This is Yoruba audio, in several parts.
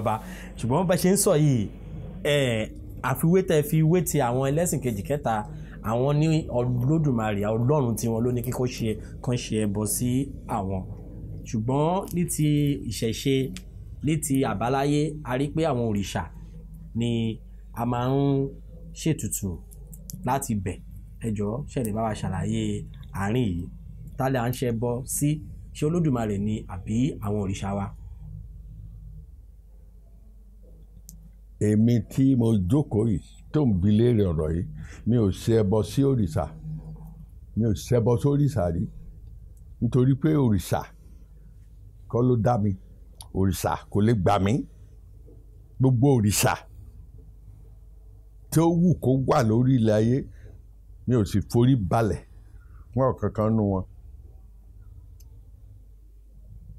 bàbá ṣùgbọ́n bá ṣe ń sọ yìí ẹ̀ àfiwé tẹ́ fi wé ti àwọn ẹlẹ́sìn kejì kẹta àwọn ní olódùmarè ọlọ́run tiwọn ló ní kíkọ́ ṣe kan ṣe ẹbọ sí àwọn ṣùgbọ́n ní ti ìṣẹ̀ṣe ní ti àbáláyé a rí pé àwọn òrìṣà ni a máa ń ṣètùtù láti bẹ̀ ẹjọ́ ṣẹ̀lẹ̀ bá wa ṣàlàyé àárín yìí tálẹ̀ à ń ṣe bọ́ sí ṣé olódùmarè ni àbí àwọn òrìṣà wa. èmi tí mo jókòó yìí tó ń bi léèrè ọ̀rọ̀ yìí mi ò ṣe ẹbọ sí òrìṣà mi ò ṣẹbọ sórìṣà rí nítorí pé òrìṣà kọ́ ló dá mi òrìṣà kò lè gbà mí gbogbo òrìṣà tó wù kó wà lórí ilẹ̀ ayé mi ò sì forí balẹ̀ fún ọ̀kankan nu wọn.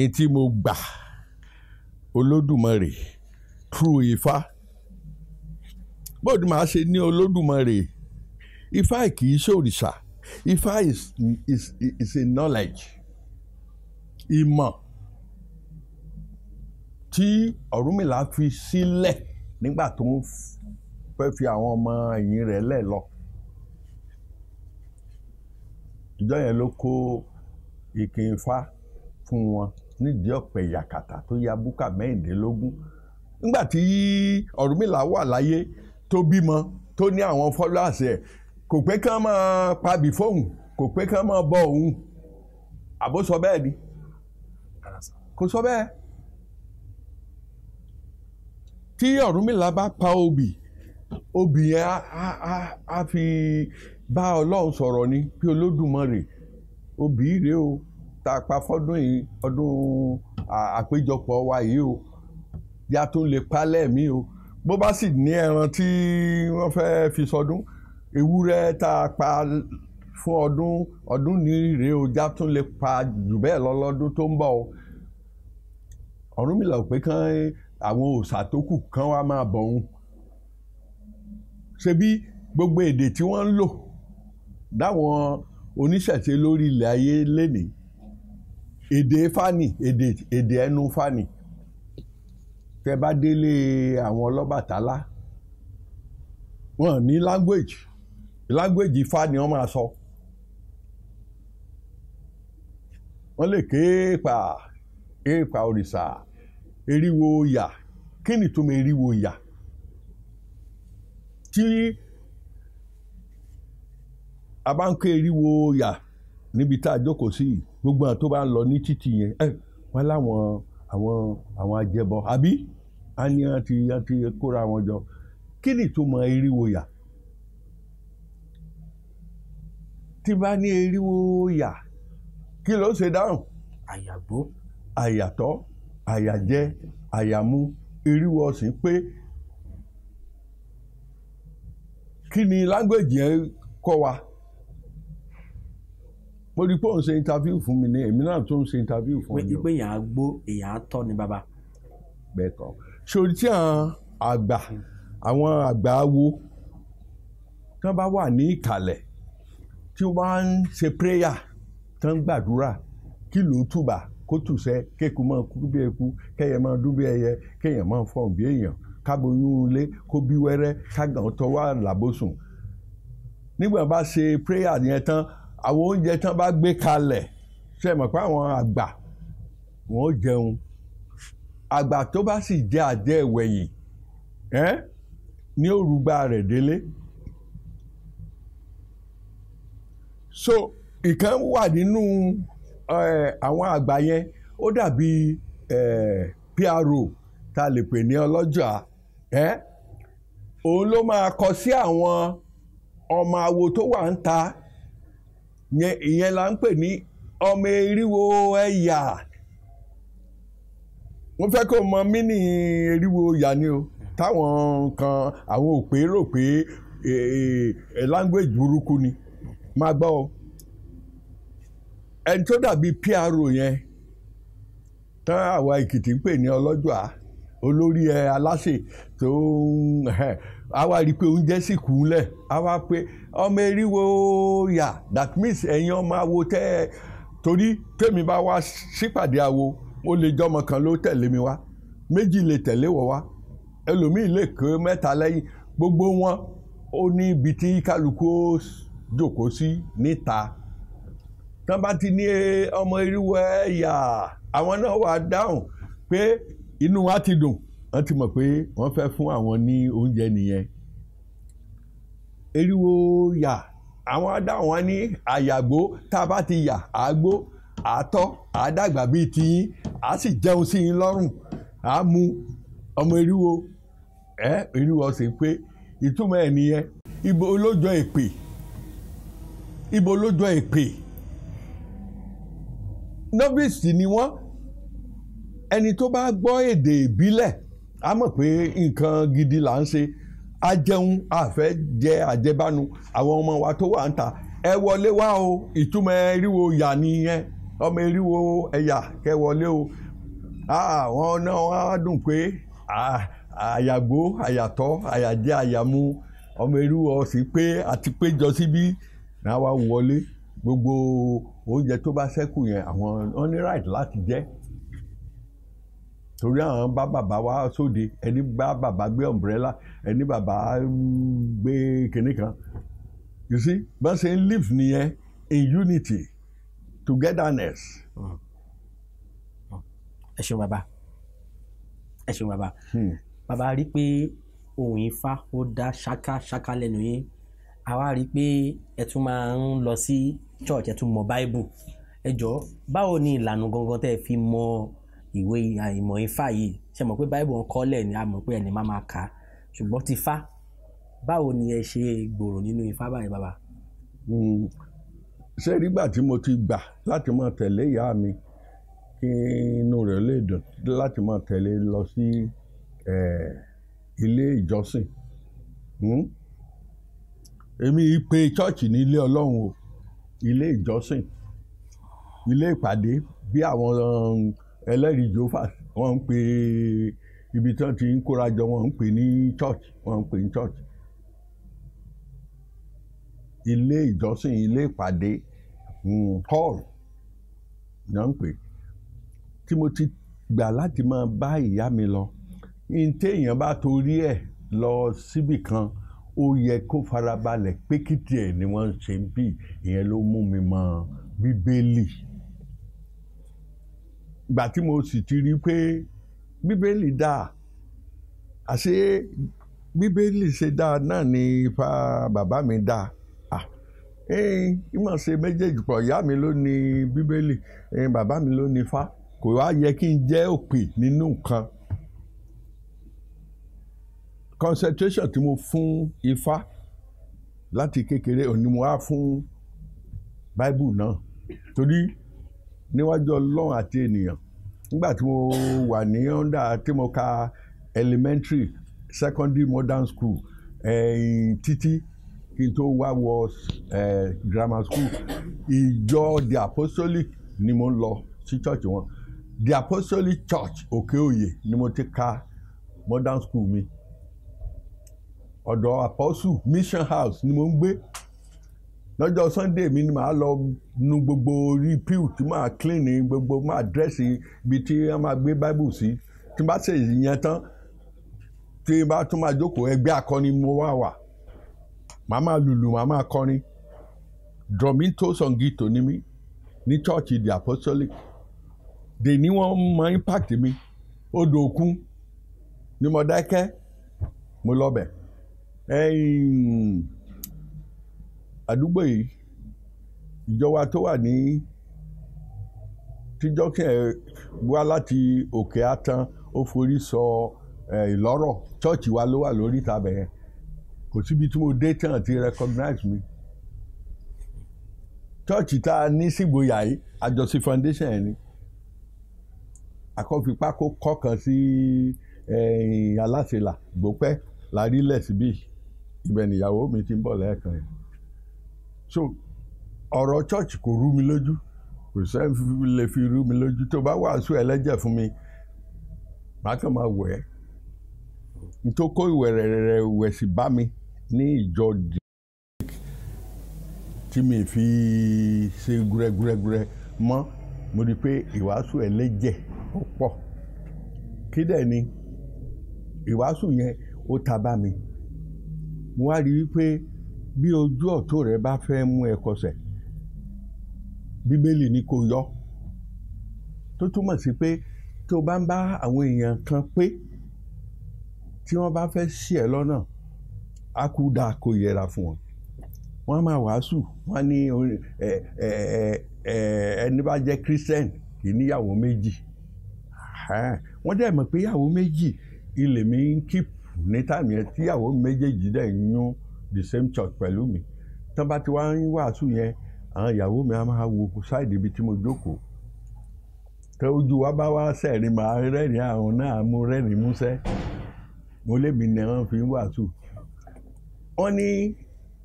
èyí mo gbà Olódùmarè true Ifá bóòdù máa ṣe ní olódùmarè ifá kì í ṣòrìṣà ifá is is is a knowledge ìmọ̀ tí ọ̀rúnmìlà fi sílẹ̀ nígbà tó ń fẹ́ fi àwọn ọmọ ẹ̀yìn rẹ̀ lẹ̀ lọ ìjọ yẹn ló kó ìkìn ifá fún wọn nídìí ọ̀pẹ ìyàkàtà tó ya búkà mẹ́rìndínlógún nígbà tí ọ̀rúnmìlà wà láyé tó bímọ tó ní àwọn followers ẹ̀ kò pé kí wọ́n máa pabì fóun kò pé kí wọ́n máa bọ òun àbó sọ bẹ́ẹ̀ ni kò sọ bẹ́ẹ̀ tí Ọ̀rúnmìlà bá pa obì obì yẹn á fi bá Ọlọ́run sọ̀rọ̀ ni bí Olódùmarè obì rèé o tá a pa fọ́dún yìí ọdún àpéjọpọ̀ wa yìí o yàtọ̀ lè pa lẹ́ẹ̀mí o bó bá sì ní ẹran tí wọ́n fẹ́ fi sọdún ewúrẹ́ tá a pa fún ọdún ọdún ní rèé ojá tún lè pa jù bẹ́ẹ̀ lọ lọ́dún tó ń bọ̀ o Ọ̀rúnmìlà pé kán àwọn òòṣà tó kù kán wá máa bọ̀ òun ṣebí gbogbo èdè tí wọ́n ń lò dáwọn oníṣẹ̀ṣe lórí ilẹ̀ ayé lénìí èdè fani èdè èdè ẹnu fani tẹ bá délé àwọn ọlọ́bàtálá wọn ní language language ifá ni wọ́n máa sọ wọ́n lè ké èèpà èèpà òrìṣà eriwo yà kí ni tó mọ eriwo yà tí a bá ń ké eriwo yà níbi tá a jókòó sí gbogbo àwọn tó bá ń lọ ní títì yẹn ẹ wọn láwọn àwọn àwọn ajẹbọ àbí a ní a ti a ti kóra wọn jọ kí ni ìtumọ̀ eriwo yà tí bá ní eriwo yà kí ló ṣe dáhùn. àyàgbó. àyàtọ̀ àyàjẹ àyàmú eriwo ọ̀sìn pé kí ni lágbèjì yẹn kọ́ wa mo rí i pé òun ṣe interview fún mi ní èmi náà tún ṣe interview fún mi. pé èèyàn gbó èèyàn tọ́ ni bàbá. bẹ́ẹ̀ kọ́ sori tí àwọn àgbà àwọn àgbà wo tí wọ́n bá wà ní ìkàlẹ̀ tí wọ́n bá ń ṣe prayer tí wọ́n ń gbàdúrà kí ló túbà kó tùsẹ́ kéku máa kú bí eku kẹyẹ máa dún bí ẹyẹ kéèyàn máa fọ̀n bí èèyàn káboyún ilé kó bí wẹ́rẹ́ kágàn tọwọ́ àlàbòsùn nígbà bá ṣe prayer yẹn tán àwọn oúnjẹ tí wọ́n bá gbé kalẹ̀ ṣe mọ̀ pé àwọn àgbà wọ́n jẹun àgbà tó bá sì jẹ àjẹ ìwẹ̀yìn ní òrùgbà rẹ̀ délé. so ìkan wà nínú àwọn àgbà yẹn ó dàbí PRO ta lè pè ní ọlọ́jà òun ló máa kọ sí àwọn ọmọ awo tó wà ń ta ìyẹn là ń pè ní ọmọ eriwo ẹ̀yà wọ́n fẹ́ kó mọ mínì eriwo ẹ̀yà ni o táwọn kan àwọn òpè rò pé e, e, language burúkú ni máa gbọ́ ọ ẹni tó dàbí PRO yẹn tán àwa Èkìtì ń pè ní ọlọ́jọ́ olórí ẹ eh, aláṣẹ tó ń eh, a wá rí i pé oúnjẹ sì kú lẹ̀ a wá pé ọmọ eriwo yà that means ẹ̀yin ọmọ awo tẹ́ ẹ torí tèmi bá wá sípàdé awo ó lè jọmọ kan ló tẹ̀lé mi wá méjì lè tẹ̀lé wọ̀ wá ẹlòmíì lè ké mẹ́ta lẹ́yìn gbogbo wọn ó ní ibi tí kálukú jòkó sí níta tán bá ti ní ọmọ eriwo ẹ̀yà àwọn náà wà dáhùn pé inú wa ti dùn wọ́n ti mọ̀ pé wọ́n fẹ́ fún àwọn ní oúnjẹ nìyẹn eriwo yà àwọn adáwọn wa ní àyàgbó tá a bá ti yà àgbó àtọ́ àdàgbà bíi tiyín a sì jẹun sí yín lọ́rùn a mu ọmọ eriwo ẹ eriwo sì pé ìtumọ̀ ẹ̀ nìyẹn ibo lọ́jọ́ èpè ibo lọ́jọ́ èpè nọ́bìsì ni wọ́n ẹni tó bá gbọ́ èdè ìbílẹ̀ a mọ̀ pé nǹkan gidi là ń ṣe a jẹun a fẹ́ jẹ àjẹbánu àwọn ọmọ wa tó wà ń ta ẹ wọlé wá o ìtumọ̀ eriwo ìyà nìyẹn ọmọ eriwo ẹ̀yà kẹ wọlé o àwọn náà wọn á dùn pé àyàgbó àyàtọ̀ àyàjẹ àyàmú ọmọ eriwo sì pé àti péjọ síbí náà wá wọlé gbogbo oúnjẹ tó bá ṣẹ́kù yẹn àwọn wọn ní right láti jẹ torí àwọn bá bàbá wá sóde ẹni bá bàbá gbé ọ̀mbrẹ́là ẹni bàbá gbé kinní kan you see bá ṣe ń live nìyẹn in unity togetherness. ẹ ṣeun bàbá ẹ ṣeun bàbá hmm. bàbá rí pé ohun ifá ó dá ṣákáṣáká lẹ́nu yín àwa rí pé ẹ tún máa ń lọ sí church ẹ tún mọ bible ẹ jọ báwo ni ìlànà gangan tẹ́ fi mọ ìwé ìmọ̀ ifá yìí ṣe mọ̀ pé báìbù ń kọ́lẹ̀ ni a mọ̀ pé ẹni máa máa ṣùgbọ́n ti fá báwo ni ẹ ṣe gbòòrò nínú ifá báyìí bàbá. Hmm. ṣé nígbà tí mo ti gbà láti máa tẹ̀lé ìyá mi kí inú rẹ̀ lè dùn láti máa tẹ̀lé lọ sí ilé ìjọsìn hmm. èmi pe chọ́ọ̀chì ní ilé ọlọ́run o ilé ìjọsìn ilé ìpàdé bí àwọn ẹlẹ́rìí jehova wọ́n ń pè ibi tí wọ́n ti ń kóra jọ wọ́n ń pè ní church wọ́n ń pè ní church ilé ìjọsìn ilé ìpàdé hmm, hall ni wọ́n ń pè tí mo ti gbà láti máa bá ìyá mi lọ ní téèyàn bá torí ẹ̀ lọ síbì kan ó yẹ kó farabalẹ̀ pé kìtì ẹ̀ ni wọ́n ń ṣe bí ìyẹn ló mú mi mọ bíbélì gbà tí mo sì ti rí i pé bíbélì dà àṣé bíbélì ṣe dá náà ni ifá bàbá mi dá ìmọ̀ ṣe méjèèjì pọ̀ ìyá mi ló ni bíbélì bàbá mi ló ní ifá kò wá yẹ kí n jẹ́ òpè nínú nǹkan concentration tí mo fún ifá láti kékeré òní mo wá fún báíbù náà torí níwájú ọlọ́run àti ènìyàn nígbà tí mo wà ní under tí mo ka elementary secondary modern school ẹ̀yìn títí kí n tó wá wọ grammar school ìjọ the apostolic ni mo ń lọ sí church wọn the apostolic church òkèòye ni mo ti ka modern school mi ọ̀dọ̀ apostle mission house ni mo ń gbé lọ́jọ́ sunday mi ni màá lọ nu gbogbo orí pew tí màá clean gbogbo màá dírẹ́sì ibi tí wọ́n máa gbé bible sí tí n bá ṣe ìyẹn tán tí n bá tún máa jókòó ẹgbẹ́ akọni mo wá wà màá máa lùlù màá máa kọrin dromito songito ni mí ní chọ́ọ̀chì the apostolic dè ní wọ́n mọ impact mi odò òkun ni mo dákẹ́ mo lọ bẹ̀ àdúgbò yìí ìjọba tó wà ní tíjọ́kẹ́ wá láti òkè àtàn ó forí sọ ìlọ́rọ̀ chọ́ọ̀chì wa ló wà lórí ìtàbẹ̀ yẹn kò síbi tí mo dé tán ti recognize mi chọ́ọ̀chì tá a ní sígboyà yìí àjọsí foundation yẹn ni àkọ́fipá kó kọ́kàn sí aláṣẹlà gbópẹ́ la rí lẹ̀ síbí ibẹ̀ nìyàwó mi ti ń bọ̀ lẹ́ẹ̀kan yìí so ọ̀rọ̀ church kò rú mi lójú kò sẹ́ni lè fi rú mi lójú tó bá wàásù ẹlẹ́jẹ̀ fún mi màá kàn máa wẹ̀ ẹ́ nítorí kó ìwẹ̀ rẹ̀ wẹ̀ sí bá mi ní ìjọ tí mi fi ṣe gúrẹ́gúrẹ́gúrẹ́ mọ́ mo rí i pé ìwàásù ẹlẹ́jẹ̀ ó pọ̀ kí dẹ̀ ni ìwàásù yẹn ó ta bá mi mo wá rí i pé bí ojú ọ̀tún rẹ bá fẹ́ mú ẹ kọsẹ̀ bíbélì ni kò yọ tó túmọ̀ sí pé tó bá ń bá àwọn èèyàn kan pé tí wọ́n bá fẹ́ ṣì ẹ́ lọ́nà á kú dáa kó yẹra fún wọn wọ́n máa wàásù wọ́n ní ẹni bá jẹ́ christian kì í níyàwó méjì wọ́n dẹ̀ mọ̀ pé ìyàwó méjì ilé mi ń kíp ní táìmì ẹ̀ tíyàwó méjèèjì dẹ̀ ń yún the same church pẹ̀lú mi tán bá ti wá ń wàásù yẹn àwọn ìyàwó mi á máa wo ṣáìdì ibi tí mo jókòó tẹ ojú wa bá wá sẹ́ẹ̀rin màá rẹ́rìn àwọn náà mo rẹ́rìn músẹ́ mo lébi ni wọ́n fi ń wàásù. wọ́n ní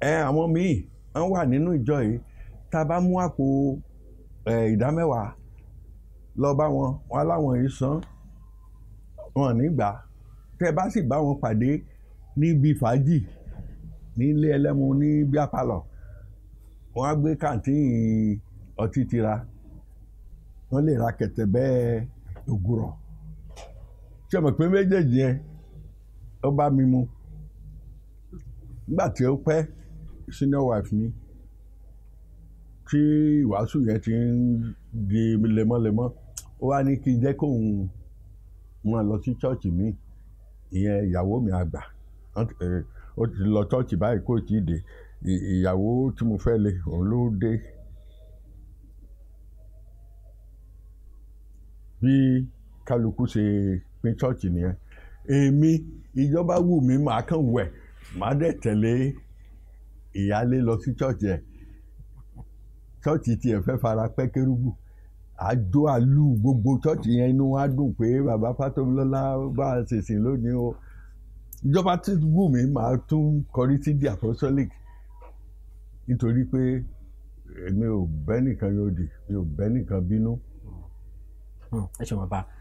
ẹ àwọn míì wọ́n wà nínú ìjọ yìí tá a bá mú àpò ìdámẹ́wàá lọ bá wọn wọn láwọn yìí san wọn nígbà tẹ bá sì bá wọn pàdé níbi fàájì ní ilé ẹlẹ́mu ní bíá palọ̀ wọ́n á gbé kàǹtíìn ọtí tira wọ́n lè ra kẹ̀tẹ̀ bẹ́ẹ̀ ògùrọ̀ tí ọmọ pé méjèèjì yẹn ó bá mi mu nígbà tí ó pẹ́ senior wife mi tí ìwàásù yẹn ti ń di lemọ́lemọ́ ó wá ní kí n jẹ́ kóun máa lọ sí chọ́ọ̀chì mi ìyẹn ìyàwó mi àgbà ó ti lọ chọ́ọ̀chì báyìí kó tí ì dé ìyàwó tí mo fẹ́ lé òun ló dé. bí kálukú ṣe pín chọ́ọ̀chì nìyẹn èmi ìjọba wù mí màá kàn wẹ̀ màá dẹ̀ tẹ̀lé ìyáálé lọ sí chọ́ọ̀chì ẹ̀ chọ́ọ̀chì tiẹ̀ fẹ́ fara pẹ́ kérúbù àjọ àlù gbogbo chọ́ọ̀chì yẹn inú wa dùn pé bàbá Fátómilọ́lá bá a ṣèṣìn lónìí o ìjọba tí wù mí máa tún kọrí sí the apostolic nítorí pé èmi ò bẹ́nìkan yóò dì mi ò bẹ́nìkan bínú. Hmm, ẹ ṣe wọn bá a